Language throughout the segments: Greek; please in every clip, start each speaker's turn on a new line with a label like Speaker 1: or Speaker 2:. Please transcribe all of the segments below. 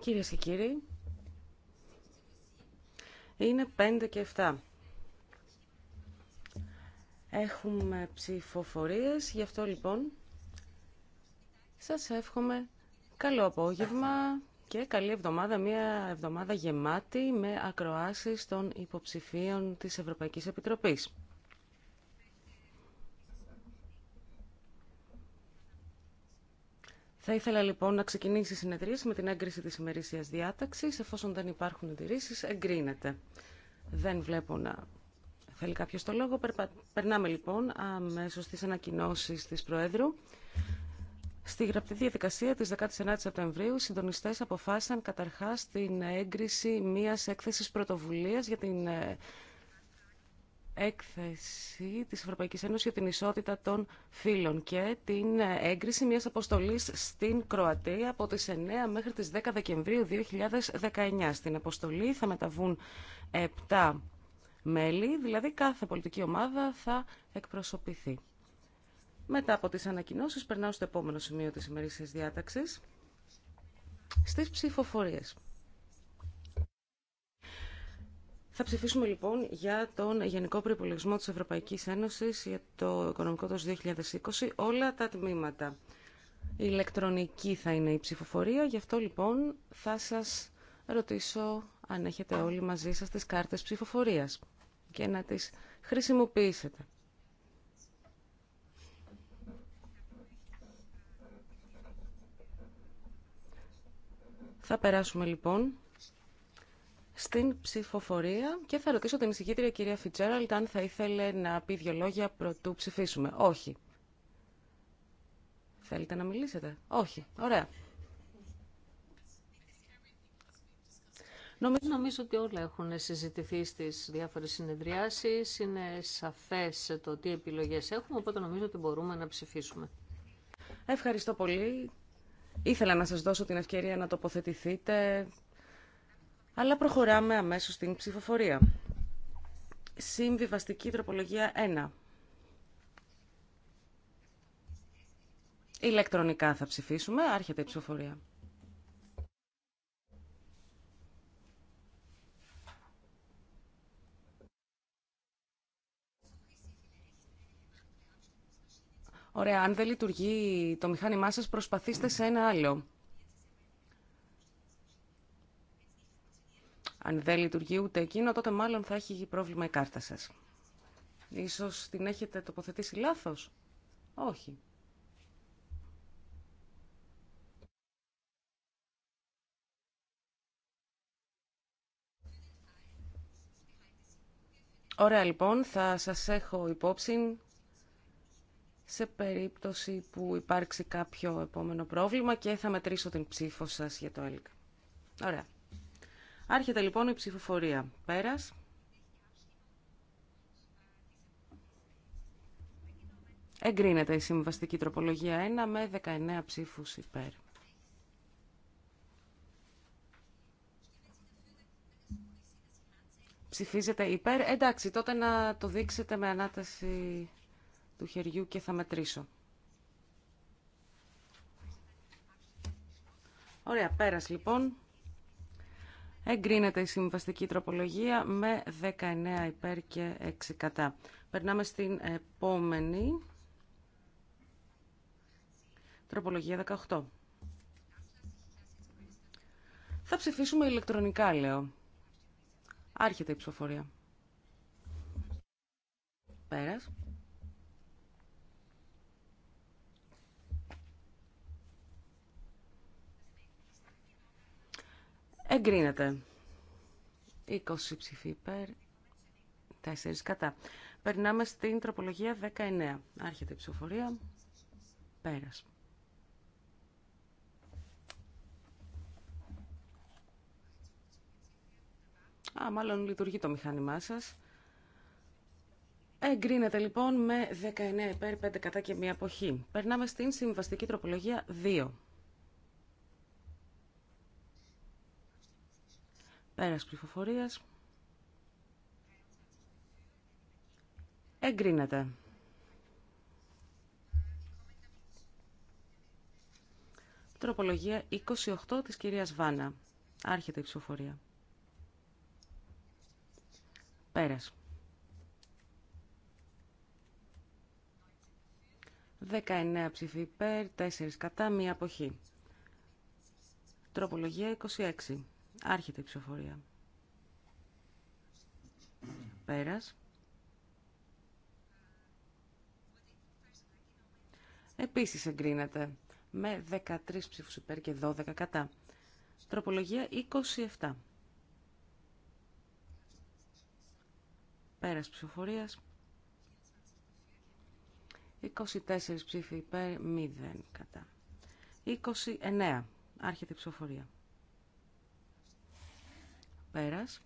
Speaker 1: Κυρίε και κύριοι, είναι 5 και 7. Έχουμε ψηφοφορίες, γι' αυτό λοιπόν σας εύχομαι καλό απόγευμα και καλή εβδομάδα, μια εβδομάδα γεμάτη με ακροάσεις των υποψηφίων της Ευρωπαϊκής Επιτροπής. Θα ήθελα λοιπόν να ξεκινήσει η συνεδρίαση με την έγκριση της ημερήσιας διάταξης. Εφόσον δεν υπάρχουν αντιρρήσεις, εγκρίνεται. Δεν βλέπω να θέλει κάποιος το λόγο. Περνάμε λοιπόν αμέσως στις ανακοινώσεις της Προέδρου. Στη γραπτή διαδικασία της 19 Σεπτεμβρίου, οι συντονιστές αποφάσισαν καταρχάς την έγκριση μιας έκθεσης πρωτοβουλίας για την ε, έκθεση της Ευρωπαϊκής Ένωσης για την ισότητα των Φίλων και την έγκριση μιας αποστολής στην Κροατία από τις 9 μέχρι τις 10 Δεκεμβρίου 2019. Στην αποστολή θα μεταβούν 7 μέλη, δηλαδή κάθε πολιτική ομάδα θα εκπροσωπηθεί. Μετά από τις ανακοινώσεις περνάω στο επόμενο σημείο της ημερήσιας διάταξης, στις ψηφοφορίες. Θα ψηφίσουμε λοιπόν για τον Γενικό Προπολογισμό της Ευρωπαϊκής Ένωσης για το οικονομικό το 2020 όλα τα τμήματα. Η ηλεκτρονική θα είναι η ψηφοφορία, γι' αυτό λοιπόν θα σας ρωτήσω αν έχετε όλοι μαζί σας τις κάρτες ψηφοφορίας και να τις χρησιμοποιήσετε. Θα περάσουμε λοιπόν στην ψηφοφορία και θα ρωτήσω την εισηγήτρια κυρία Φιτζέραλτ αν θα ήθελε να πει δύο λόγια πρωτού ψηφίσουμε. Όχι. Θέλετε να μιλήσετε. Όχι. Ωραία. Νομίζω... Νομίζω ότι όλα έχουν συζητηθεί στις διάφορες συνεδριάσεις. Είναι σαφές το τι επιλογές έχουμε, οπότε νομίζω ότι μπορούμε να ψηφίσουμε. Ευχαριστώ πολύ. Ήθελα να σας δώσω την ευκαιρία να τοποθετηθείτε αλλά προχωράμε αμέσως στην ψηφοφορία. Συμβιβαστική τροπολογία 1. Ηλεκτρονικά θα ψηφίσουμε. Άρχεται η ψηφοφορία. Ωραία, αν δεν λειτουργεί το μηχάνημά σας, προσπαθήστε σε ένα άλλο. Αν δεν λειτουργεί ούτε εκείνο, τότε μάλλον θα έχει πρόβλημα η κάρτα σας. Ίσως την έχετε τοποθετήσει λάθος. Όχι. Ωραία λοιπόν, θα σας έχω υπόψη σε περίπτωση που υπάρξει κάποιο επόμενο πρόβλημα και θα μετρήσω την ψήφο σας για το ΕΛΚ. Ωραία. Άρχεται λοιπόν η ψηφοφορία. Πέρας. Εγκρίνεται η συμβαστική τροπολογία 1 με 19 ψήφους υπέρ. Ψηφίζεται υπέρ. Εντάξει, τότε να το δείξετε με ανάταση του χεριού και θα μετρήσω. Ωραία, πέρας λοιπόν. Εγκρίνεται η συμβαστική τροπολογία με 19 υπέρ και 6 κατά. Περνάμε στην επόμενη. Τροπολογία 18. Θα ψηφίσουμε ηλεκτρονικά, λέω. Άρχεται η ψηφοφορία. Πέρας. Εγκρίνεται. 20 ψηφοί υπέρ, 4 κατά. Περνάμε στην τροπολογία 19. Άρχεται η ψηφοφορία. Πέρας. Α, μάλλον λειτουργεί το μηχάνημά σας. Εγκρίνεται λοιπόν με 19 υπέρ, 5 κατά και μία αποχή. Περνάμε στην συμβαστική τροπολογία 2. Πέρας ψηφοφορίας. Εγκρίνεται. Τροπολογία 28 της κυρίας Βάνα. Άρχεται η ψηφοφορία. Πέρας. 19 ψηφί υπέρ, 4 κατά, μία αποχή. Τροπολογία 26. Άρχεται η ψηφοφορία. Πέρας. Επίσης εγκρίνεται με 13 ψήφους υπέρ και 12 κατά. Τροπολογία 27. Πέρας ψηφοφορίας. 24 ψήφοι υπέρ, 0 κατά. 29. Άρχεται η ψηφοφορία. Πέρας.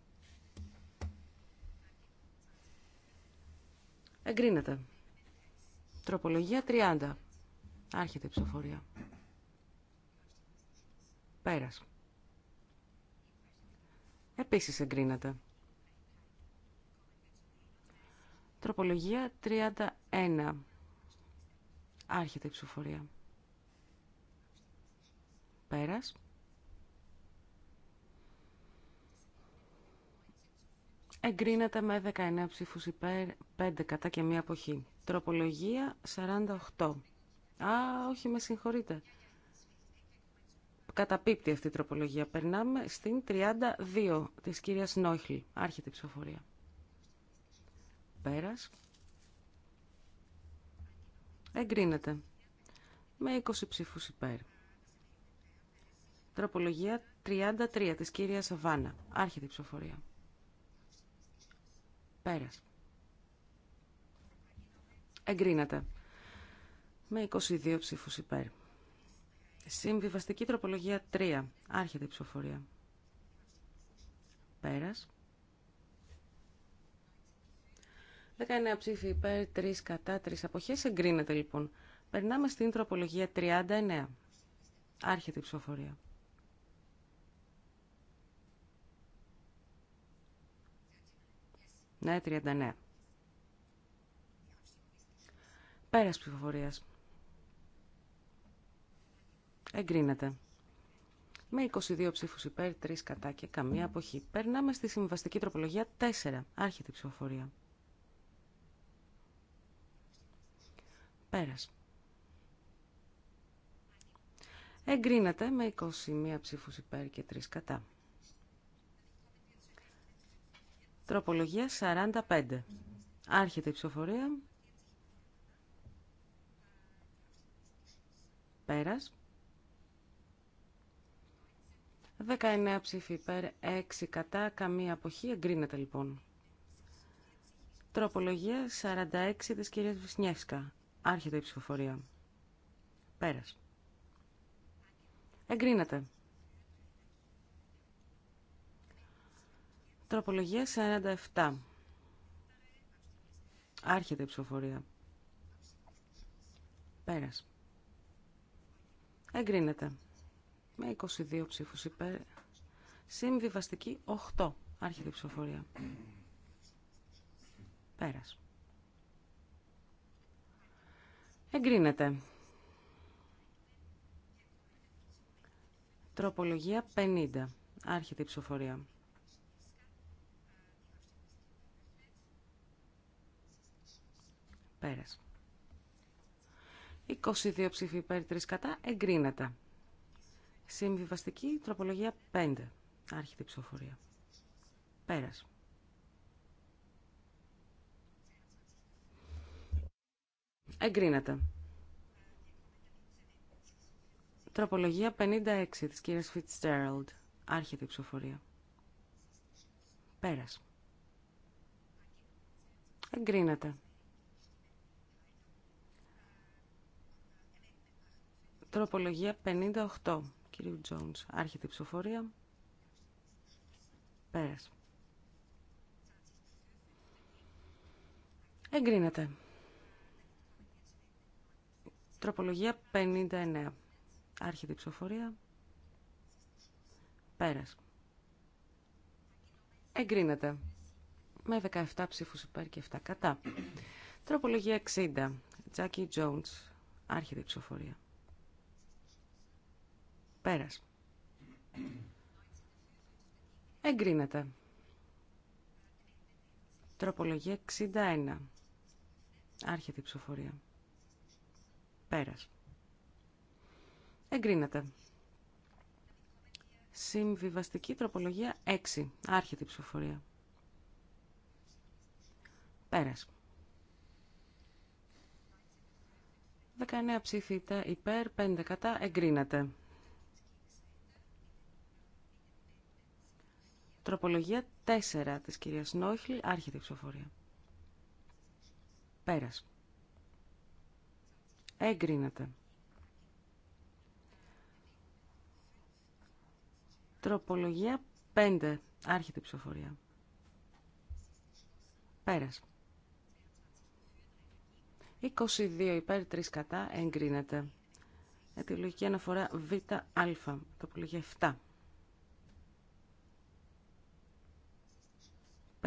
Speaker 1: Εγκρίνεται. Τροπολογία 30. Άρχεται η ψηφοφορία. Πέρας. Επίσης εγκρίνεται. Τροπολογία 31. Άρχεται η ψηφοφορία. Πέρας. Εγκρίνεται με 19 ψήφους υπέρ, 5 κατά και μία αποχή. Τροπολογία 48. Α, όχι, με συγχωρείτε. Καταπίπτει αυτή η τροπολογία. Περνάμε στην 32 της κυρίας Νόχλη. Άρχεται η ψηφοφορία. Πέρας. Εγκρίνεται. Με 20 ψήφους υπέρ. Τροπολογία 33 της κυρίας Βάνα. Άρχεται η ψηφοφορία. Πέρας. Εγκρίνεται. Με 22 ψήφους υπέρ. Συμβιβαστική τροπολογία 3. Άρχεται η ψηφοφορία. Πέρας. 19 ψήφοι υπέρ, 3 κατά, 3 αποχές. Εγκρίνεται λοιπόν. Περνάμε στην τροπολογία 39. Άρχεται η ψηφοφορία. Ναι, 39. Πέρας ψηφοφορίας. Εγκρίνεται. Με 22 ψήφους υπέρ, 3 κατά και καμία αποχή. Περνάμε στη συμβαστική τροπολογία 4. Άρχεται η ψηφοφορία. Πέρας. Εγκρίνεται με 21 ψήφους υπέρ και 3 κατά. Τροπολογία 45. Άρχεται η ψηφοφορία. Πέρας. 19 ψήφοι υπέρ, 6 κατά, καμία αποχή. Εγκρίνεται λοιπόν. Τροπολογία 46 της κυρίας Βυσνιεύσκα. Άρχεται η ψηφοφορία. Πέρας. Εγκρίνεται. Τροπολογία 47. Άρχεται η ψηφοφορία. Πέρας. Εγκρίνεται. Με 22 ψήφους υπέρ. Συμβιβαστική 8. Άρχεται η ψηφοφορία. Πέρας. Εγκρίνεται. Τροπολογία 50. Άρχεται η ψηφοφορία. Πέρας. 22 ψήφοι υπέρ, 3 κατά, εγκρίνεται. Συμβιβαστική τροπολογία 5. Άρχεται ψηφοφορία. Πέρας. Εγκρίνεται. Τροπολογία 56 της κυρίας Fitzgerald. Άρχεται η ψηφοφορία. Πέρας. Εγκρίνεται. Τροπολογία 58, κύριο Τζόνς. Άρχεται η ψηφοφορία. Πέρας. Εγκρίνεται. Τροπολογία 59. Άρχεται η ψηφοφορία. Πέρας. Εγκρίνεται. Με 17 ψήφους υπέρ και 7 κατά. Τροπολογία 60. Τζάκι Τζόνς, Άρχεται η ψηφοφορία. Πέρας. Εγκρίνεται. Τροπολογία 61. Άρχεται η ψηφοφορία. Πέρας. Εγκρίνεται. Συμβιβαστική τροπολογία 6. Άρχεται η ψηφοφορία. Πέρας. 19 ψήφιτα υπέρ, 5 κατά, εγκρίνεται. Τροπολογία 4 της κυρίας Νόχλη, άρχεται η ψηφοφορία. Πέρας. Εγκρίνεται. Τροπολογία 5, άρχεται η ψηφοφορία. Πέρας. 22 υπέρ 3 κατά εγκρίνεται. Αιτιολογική αναφορά β' α, τοπολογία 7.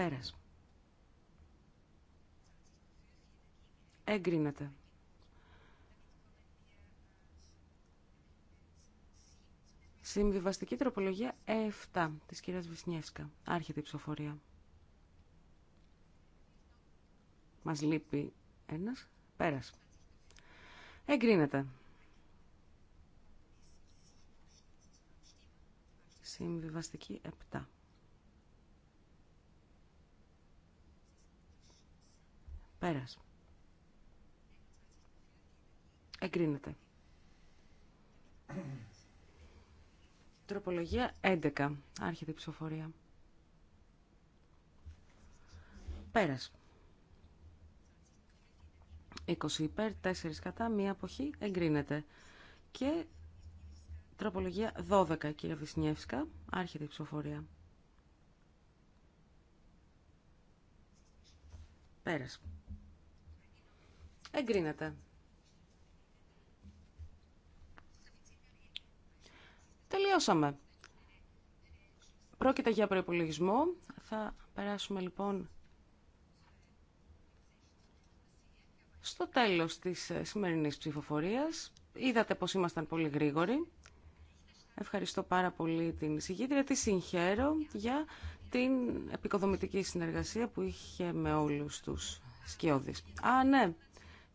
Speaker 1: Πέρας. Εγκρίνεται. Συμβιβαστική τροπολογία 7 της κυρίας Βυσνιεύσκα. Άρχεται η ψηφοφορία. Μας λείπει ένας. Πέρας. Εγκρίνεται. Συμβιβαστική 7. Πέρας. Εγκρίνεται. Τροπολογία 11. Άρχεται η ψηφοφορία. Πέρας. 20 υπέρ, 4 κατά, μία αποχή, εγκρίνεται. Και τροπολογία 12, κύριε Βυσνιεύσκα, άρχεται η ψηφοφορία. Πέρας. Εγκρίνεται. Τελειώσαμε. Πρόκειται για προϋπολογισμό. Θα περάσουμε λοιπόν στο τέλος της ε, σημερινής ψηφοφορίας. Είδατε πως ήμασταν πολύ γρήγοροι. Ευχαριστώ πάρα πολύ την συγκίτρια. Τη συγχαίρω για την επικοδομητική συνεργασία που είχε με όλους τους σκιώδεις. Α, ναι,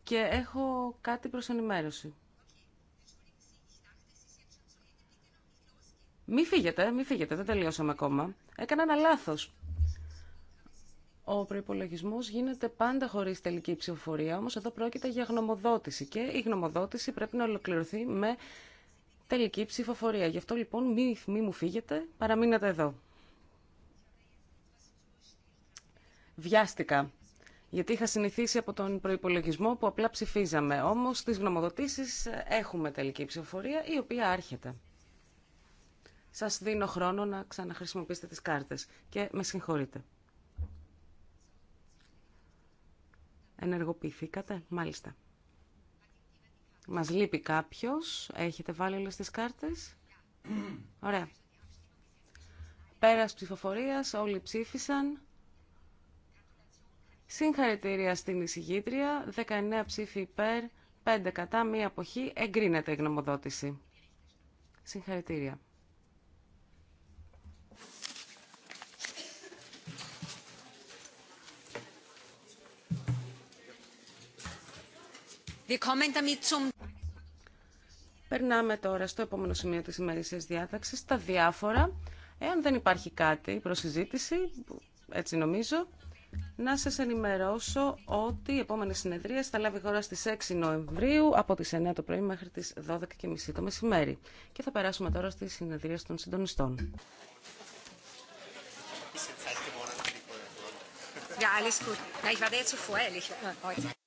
Speaker 1: και έχω κάτι προς ενημέρωση. Μη φύγετε, μη φύγετε, δεν τελειώσαμε ακόμα. Έκανα ένα λάθος. Ο προπολογισμό γίνεται πάντα χωρί τελική ψηφοφορία, όμω εδώ πρόκειται για γνωμοδότηση και η γνωμοδότηση πρέπει να ολοκληρωθεί με τελική ψηφοφορία. Γι' αυτό λοιπόν μη, μη μου φύγετε, παραμείνετε εδώ. Βιάστηκα. Γιατί είχα συνηθίσει από τον προπολογισμό που απλά ψηφίζαμε. Όμως στις γνωμοδοτήσεις έχουμε τελική ψηφοφορία η οποία άρχεται. Σα δίνω χρόνο να ξαναχρησιμοποιήσετε τις κάρτες και με συγχωρείτε. Ενεργοποιηθήκατε, μάλιστα. Μας λείπει κάποιος. Έχετε βάλει όλε τι κάρτες. Ωραία. Πέρα ψηφοφορία, όλοι ψήφισαν. Συγχαρητήρια στην εισηγήτρια, 19 ψήφοι υπέρ, 5 κατά, μία αποχή, εγκρίνεται η γνωμοδότηση. Συγχαρητήρια. Περνάμε τώρα στο επόμενο σημείο της ημερήσιας διάταξης, τα διάφορα. Εάν δεν υπάρχει κάτι προς συζήτηση, έτσι νομίζω, να σας ενημερώσω ότι η επόμενη συνεδρία θα λάβει χώρα στις 6 Νοεμβρίου από τις 9 το πρωί μέχρι τις 12.30 το μεσημέρι. Και θα περάσουμε τώρα στις συνεδρίες των συντονιστών. Ja, alles gut. ich war